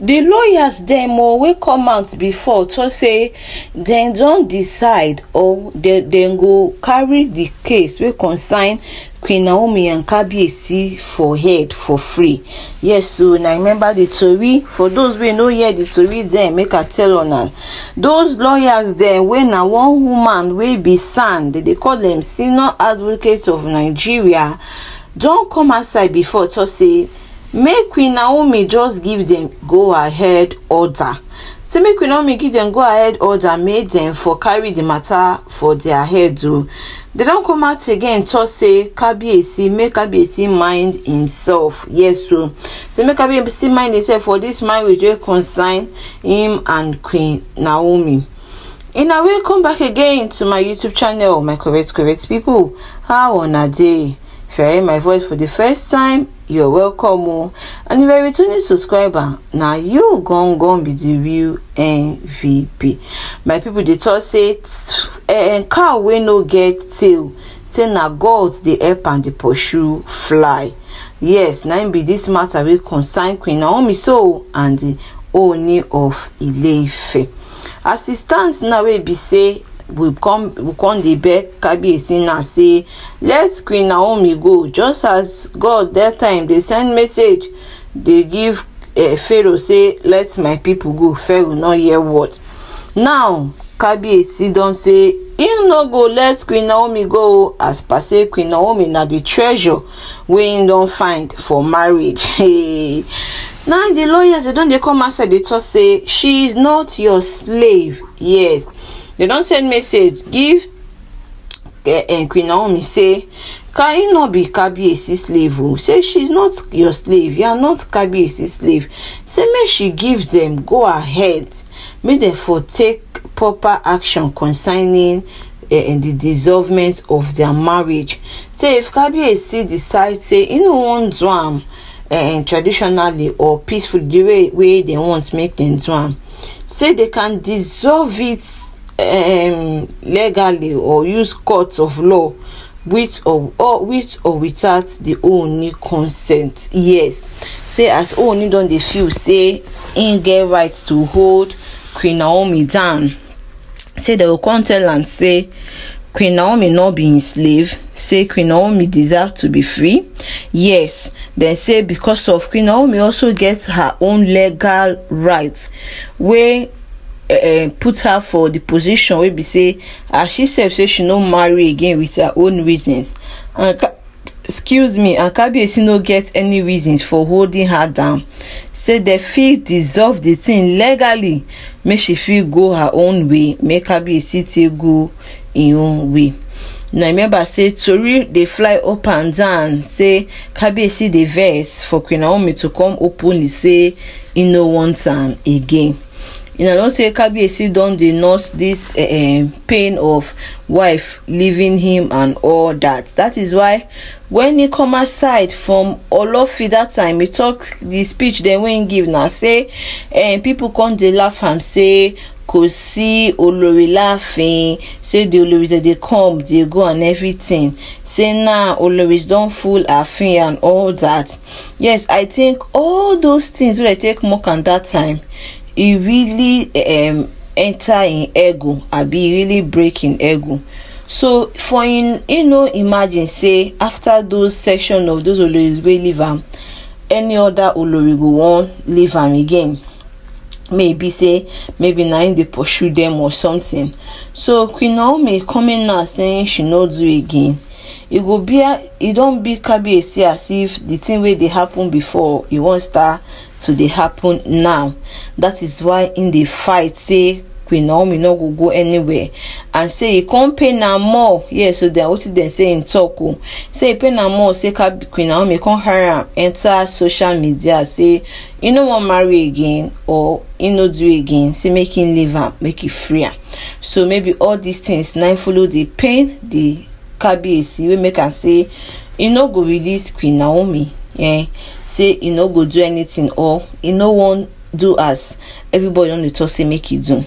The lawyers dem o wey come out before tok say dem don decide or dem go carry the case wey concern queen naomi and kabiyesi for head for free yes o na remember the tori for those wey no hear the tori dem make i tell una those lawyers dem wey na one woman wey be san dem dey call dem senior advocate of nigeria don come outside before tok say make queen naomi just give dem go ahead order say make queen naomi give dem go ahead order make dem for carry the matter for their head o oh. they don come out again talk say kabiyesi make kabiyesi mind himself yes o oh. say make kabiyesi mind himself for this marriage wey concern him and queen naomi In a way, come back again to my youtube channel my correct correct people how una dey If you're hearing my voice for the first time, you're welcome. Oh. And if you're a returning subscriber, now you gon' gon' be the real MVP. My people they talk say and eh, eh, cow we no get till Say now? God the help and the pursue fly. Yes, now be this matter will consign Queen Naomi so and the owner of Ile Assistance now, we be say we come we come dey beg kabiyesi now say let queen naomi go just as god that time dey send message dey give uh, pharaoh say let my people go pharaoh no hear word now kabiyesi don say im no go let queen naomi go as per say queen naomi na the treasure wey im don find for marriage now the lawyers dey don dey come outside dey talk say she is not your slave yes dem don send message give um queen naomi say can you not be kabiyesi slave o oh? say she's not your slave you are not kabiyesi slave say make she give dem go ahead make dem for take proper action concerning uh, the dissolvement of their marriage say if kabiyesi decide say e no wan do am um, traditionally or peacefully the way wey dem want make dem do am say they can dissolve it um, legally or use court of law with or, or with or without the Ooni consent yes say as Ooni don dey feel say im e get right to hold Queen Naomi down say dem go come tell am say Queen Naomi no be im slave say Queen Naomi deserve to be free yes dem say because of Queen Naomi also get her own legal rights. wey uh, put her for the position wey be say as she sef say she no marry again with her own reasons and ka excuse me and kabiyesi no get any reasons for holding her down say dem fit dissolve the thing legally make she fit go her own way make kabiyesi take go im own way na remember say tori dey fly up and down say kabiyesi dey vex for queen naomi to come openly say e no want am again you know don say kabiyesi don dey nurse this uh, pain of wife leaving him and all that that is why when he come aside from olofi that time he talk the speech dem wey he give na say uh, people come dey laugh am say kò sí olórí láàfin say the olórí dey come dey go and everything say now nah, olórí don full ààfin and all that yes i think all those things wey i take mock am that time e really um, enter in ego abi e really break im ego so for im e no imagine say after those section of those oloris wey leave am any other olori go wan leave am again maybe say maybe na him dey pursue them or something so queen naomi coming now saying she no do again e go be e don be kabiyesi as if the thing wey dey happen before e wan start to dey happen now that is why im dey fight say queen naomi no go go anywhere and say e come pay na more yes so na wetin dem say im talk o say e pay na more say queen naomi come hire am enter social media say e no wan marry again or e no do again say make im e leave am make e free am so maybe all these things na follow the pain The kabiyesi wey make am say e no go release queen naomi eh, say e no go do anything or e no wan do as everybody don dey talk say make e do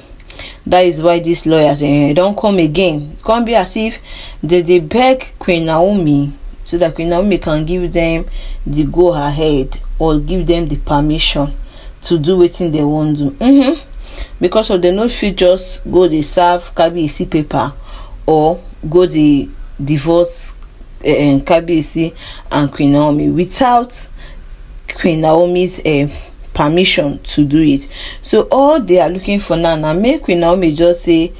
that is why these lawyers eh, don come again come be as if they dey beg queen naomi so that queen naomi can give them the go ahead or give them the permission to do wetin they wan do mm -hmm. because of they no fit just go dey serve Kabi kabiyesi paper or go dey divorce uh, Kabiyesi and Queen Naomi without Queen Naomi's uh, permission to do it. So all they are looking for now now make Queen Naomi just say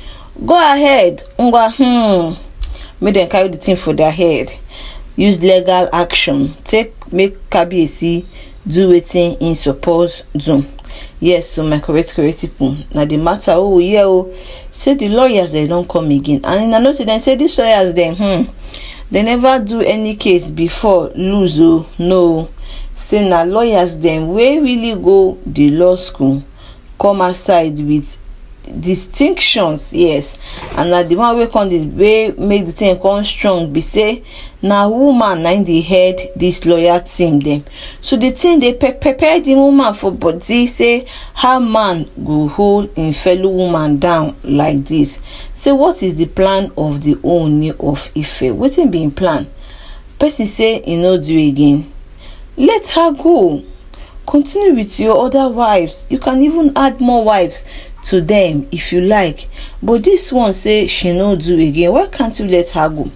go ahead ngwa hmm make them carry the thing for their head use legal action take make Kabiyesi do wetin im suppose do yes so my correct correct pipo na di matter oh yeah, oh. o say di lawyers they don't come again and in another say say these lawyers dem hmm, They never do any case before lose o oh, no say now lawyers them, where will you go The law school come outside with distinctions yes and na the one wey come dey way make the thing come strong be say na woman na im dey head this lawyer team dem so the thing dey pre prepare the woman for body say how man go hold im fellow woman down like this say what is the plan of the owner of ife wetin be im plan person say e no do again let her go continue with your other wives you can even add more wives to them, if you like but this one say she no do again why can't you let her go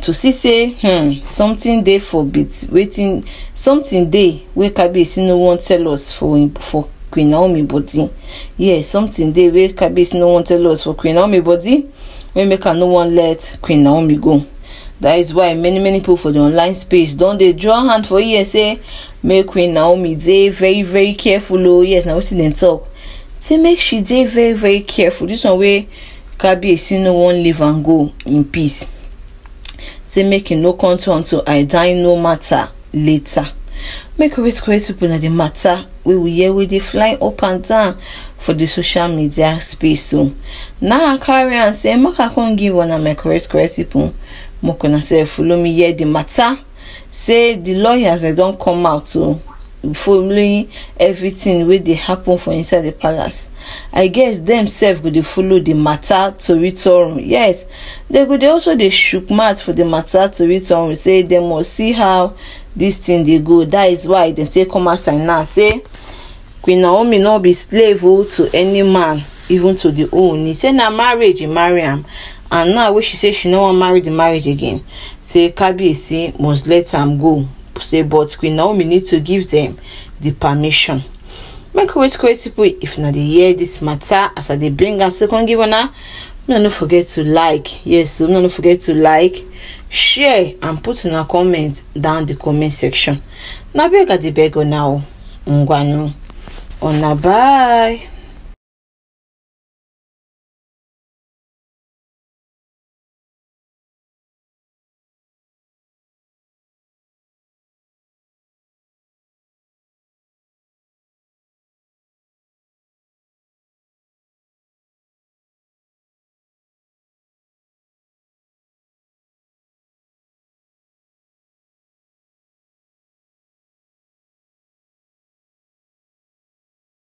to see say hmm, something dey forbid Waiting, something dey wey kabiyesi no wan tell us for for queen naomi body yes something dey wey kabiyesi no wan tell us for queen naomi body wey make am no wan let queen naomi go that is why many many people for the online space don dey draw hand for ear say make queen naomi dey very very careful o oh. yes na wetin dem talk say make she dey very very careful this one wey kabiyesi no wan leave am go in peace say make e no come turn to i die no matter later make correct correct pipo na di mata wey we hear wey dey fly up and down for the social media space o oh. Now i carry am say make i come give una my correct correct pipo make una sef follow me hear the matter. say the lawyers dem don come out o. Oh following everything wey dey happen for inside the palace i guess dem sef go dey follow the matter tori torum yes dem go dey also dey shook mouth for the matter tori torum say dem must see how this thing dey go that is why dem take come outside now say queen naomi no be slave o oh to any man even to the own he say na marriage he marry am and now wey she say she no wan marry the marriage again say kabiyesi must let am go say but queen naomi need to give them the permission make we wait correct if na dey hear this matter. as i dey bring am so come give una una no forget to like yes una no forget to like share and put una comment down the comment section na beg i dey beg una o ngwanu una bye.